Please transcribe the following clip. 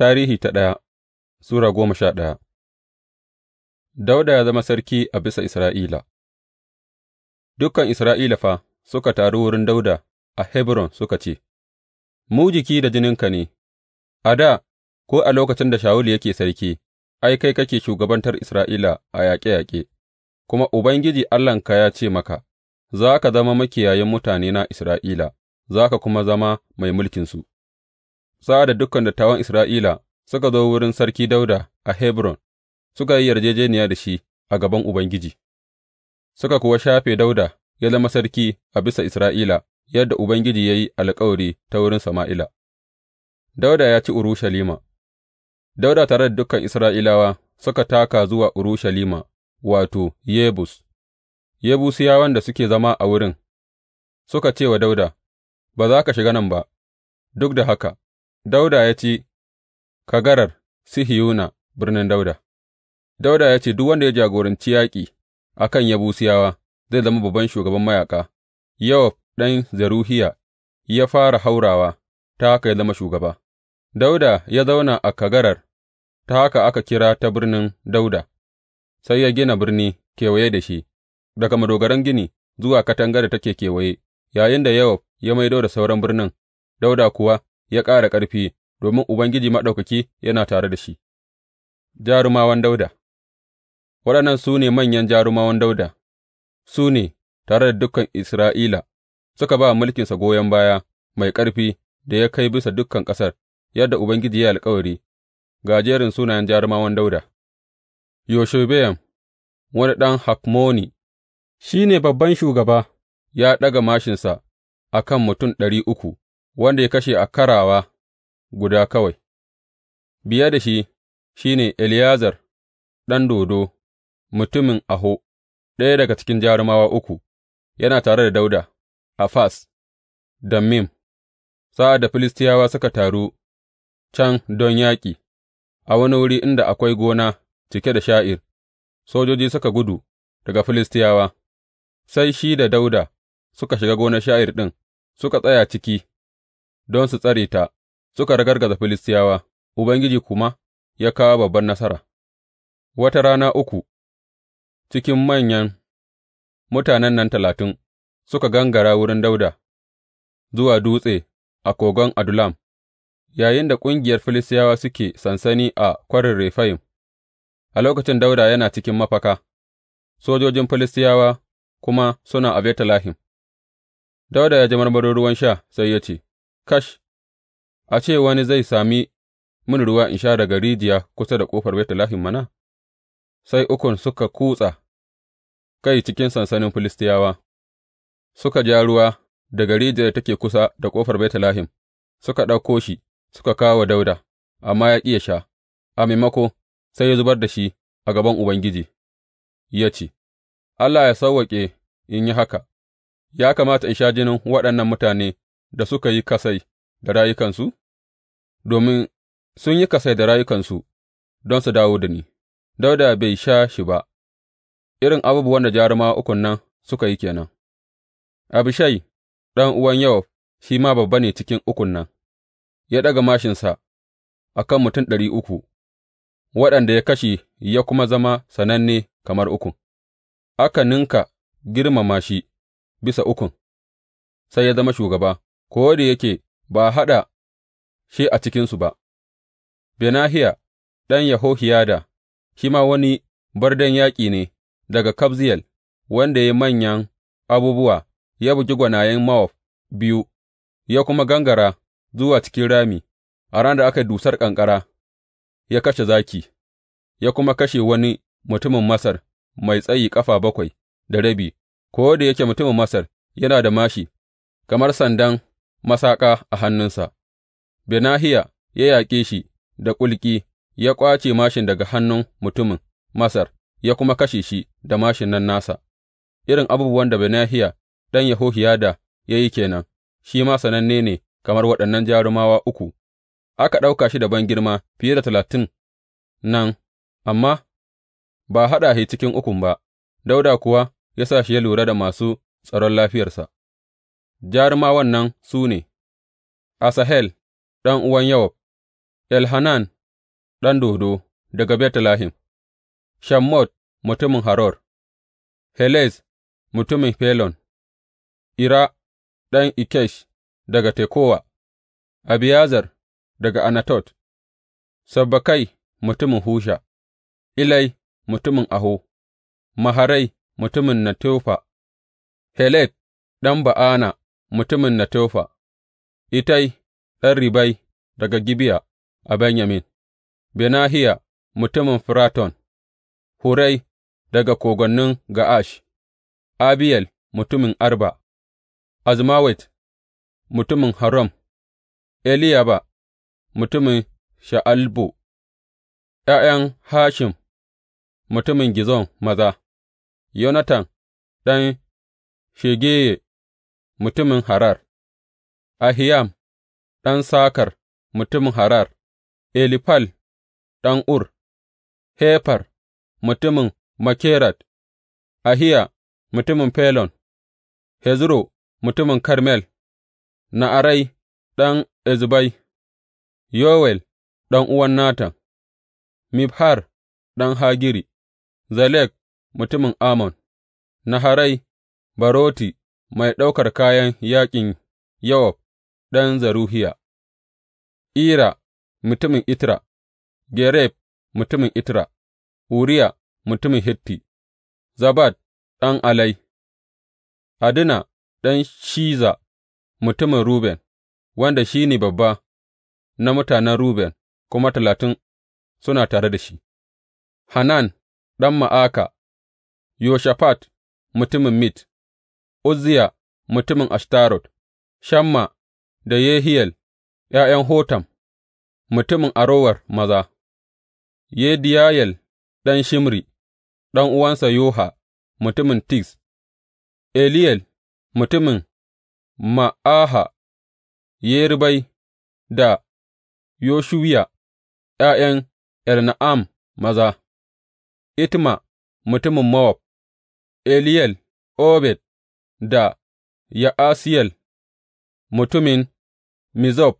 Tarihi ta ɗaya Sura goma sha ɗaya Dauda ya zama sarki a bisa Isra'ila Dukan Isra'ila fa suka taru wurin Dauda a Hebron suka ce, Mu jiki da jininka ne, a da, ko a lokacin da Shawulu yake sarki, ai, kai kake shugabantar Isra'ila a yaƙe-yaƙe, kuma Ubangiji Allahnka ya ce maka, Za ka zama makiyayin mutanena Isra'ila, za ka kuma zama mai mulkinsu. sa'ad da dukan dattawan Isra'ila suka zo wurin Sarki Dawuda a Hebron, suka yi yarjejeniya da shi a gaban Ubangiji, suka kuwa shafe Dawuda ya zama sarki a bisa Isra'ila, yadda Ubangiji ya yi alkawari ta wurin Sama'ila. Dawuda ya ci Urushalima Dawuda tare da dukan Isra'ilawa suka taka zuwa Urushalima, wato, Yebus, Yebusiyawan da suke zama a wurin suka ce wa Dawuda, Ba za ka shiga nan ba, duk da haka Dawuda ya ci kagarar Sihiyona birnin Dawuda Dawuda ya ce, Duk wanda ya jagoranci yaƙi a kan Yabusiyawa zai zama babban shugaban mayaƙa, Yowab ɗan Zeruhiya ya fara haurawa, ta haka ya zama shugaba. Dauda ya zauna a kagarar, ta haka aka kira ta birnin Dauda sai ya gina birni kewaye da shi, daga madogaran gini zuwa katangar da take kewaye, Yayin da Yowab ya maido da sauran birnin, Dauda kuwa ya ƙara ƙarfi, domin Ubangiji Maɗaukaki yana tare da shi. Jarumawan Dauda Waɗannan su ne manyan jarumawan Dauda, su ne tare da dukan Isra'ila, suka ba mulkinsa goyon baya mai ƙarfi da ya kai bisa dukan ƙasar, yadda Ubangiji ya alkawari, ga jerin sunayen jarumawan Dauda. Yoshebeyam, wani ɗan Hakmoni, shi ne babban shugaba, ya ɗaga mashinsa a kan mutum ɗari uku, wanda ya kashe a karawa guda kawai, biye da shi shi ne Eleyazar ɗan Dodo mutumin Aho, ɗaya daga cikin jarumawa uku, yana tare da Dauda a Fas da Mim, sa'ad da Filistiyawa suka taru can don yaƙi, a wani wuri inda akwai gona cike da sha'ir, sojoji suka gudu daga Filistiyawa, sai shi da Dauda suka shiga gonar sha'ir ɗin, suka tsaya ciki. don su tsare ta, suka ragargaza Filistiyawa, Ubangiji kuma ya kawo babban nasara. Wata rana uku cikin manyan mutanen nan talatin suka gangara wurin Dauda zuwa dutse a kogon Adulam, da ƙungiyar Filistiyawa suke sansani a kwarin Refayim, a lokacin Dauda yana cikin mafaka, sojojin Filistiyawa kuma suna a Betlehem. Dawuda ya ji marmarin ruwan sha sai ya ce, Kash, a ce wani zai sami mini ruwa in sha daga rijiya kusa da ƙofar Betlehem mana! Sai ukun suka kutsa kai cikin sansanin Filistiyawa, suka ja ruwa daga rijiyar da take kusa da ƙofar Betlehem, suka ɗauko shi suka kawo wa amma ya ƙi sha, a maimako sai ya zubar da shi a gaban Ubangiji, ya ce, Allah ya sauwaƙe in yi haka, ya kamata in sha jinin waɗannan mutane da suka yi kasai da rayukansu? Domin sun yi kasai da rayukansu don su dawo da ni, Dauda bai sha shi ba, irin abubuwan da jarumawa ukun nan suka yi kenan. Abishai, ɗan uwan Yowab, shi ma babba ne cikin ukun nan, ya ɗaga mashinsa a kan mutum ɗari uku, waɗanda ya kashe ya kuma zama sananne kamar ukun, aka ninka girmama shi bisa ukun, sai ya zama shugaba ko da yake ba a haɗa shi a cikinsu ba, Benahiya ɗan Yahohiyada, shi ma wani Bardan yaƙi ne daga Kabziyel, wanda ya yi manyan abubuwa, ya bugi gwanayen Mawaf biyu, ya kuma gangara zuwa cikin rami a ran da aka yi dusar ƙanƙara, ya kashe zaki, ya kuma kashe wani mutumin Masar mai tsayi ƙafa bakwai da rabi, ko da yake mutumin Masar yana da mashi, kamar sandan masaƙa a hannunsa, Benahiya ya yaƙe shi da kulki, ya ƙwace māshin daga hannun mutumin Masar, ya kuma kashe shi da māshin nan nasa, irin abubuwan da Benahiya ɗan Yehohiyada ya yi kenan, shi ma sananne ne kamar waɗannan jarumawa uku, aka ɗauka shi da bangirma fiye da talatin nan, amma ba haɗa shi cikin ukun ba, Dauda kuwa ya sa shi ya lura da masu tsaron lafiyarsa. Jarumawan nan su ne, Asahel ɗan'uwan Yowab, Elhanan ɗan Dodo daga Betlehem, Shammot mutumin Haror, Helez mutumin Felon, Ira ɗan Ikesh daga Tekowa, Abiyazar daga Anatot, Sabbakai mutumin Husha, Ilai mutumin Aho, Maharai mutumin Natofa, helet ɗan Ba'ana mutumin Netofa, Ittai ɗan Ribai daga Gibeya a Benyamin, Benahiya mutumin Firaton, Hurai daga kogonnin Ga'ash, Abiyel mutumin Arba, Azmawet mutumin Haram, Eliyaba mutumin Sha'albo, ’ya'yan Hashim mutumin Gizon maza, Yonatan ɗan Shegeye mutumin Harar, Ahiyam ɗan Sakar mutumin Harar, Elifal ɗan Ur, Hefer mutumin Makerat, Ahiya mutumin Felon, Hezro mutumin Karmel, Na'arai ɗan Ezbai, Yowel ɗan'uwan Natan, Mibhar ɗan Hagiri, Zalek mutumin amon. Naharai, Baroti mai ɗaukar kayan yaƙin Yowab ɗan Zeruhiya, Ira mutumin Itra, Gareb mutumin Itra, Uriya mutumin Hitti, Zabad ɗan Alai, Adina ɗan Shiza mutumin Ruben, wanda shi ne babba na mutanen Ruben, kuma talatin suna tare da shi, Hanan ɗan Ma'aka, Yoshafat mutumin Mit, Uzziya mutumin Ashtarot, Shamma da Yehiyel ’ya'yan Hotam mutumin Arower maza, Yediyayel ɗan Shimri, uwansa Yoha mutumin tix. Eliyel mutumin Ma'aha, Yeribai da Yoshuwiya ’ya'yan Elna'am maza, Itma mutumin Mowab, Eliyel, Obed da Ya'asiyel mutumin Mizzob.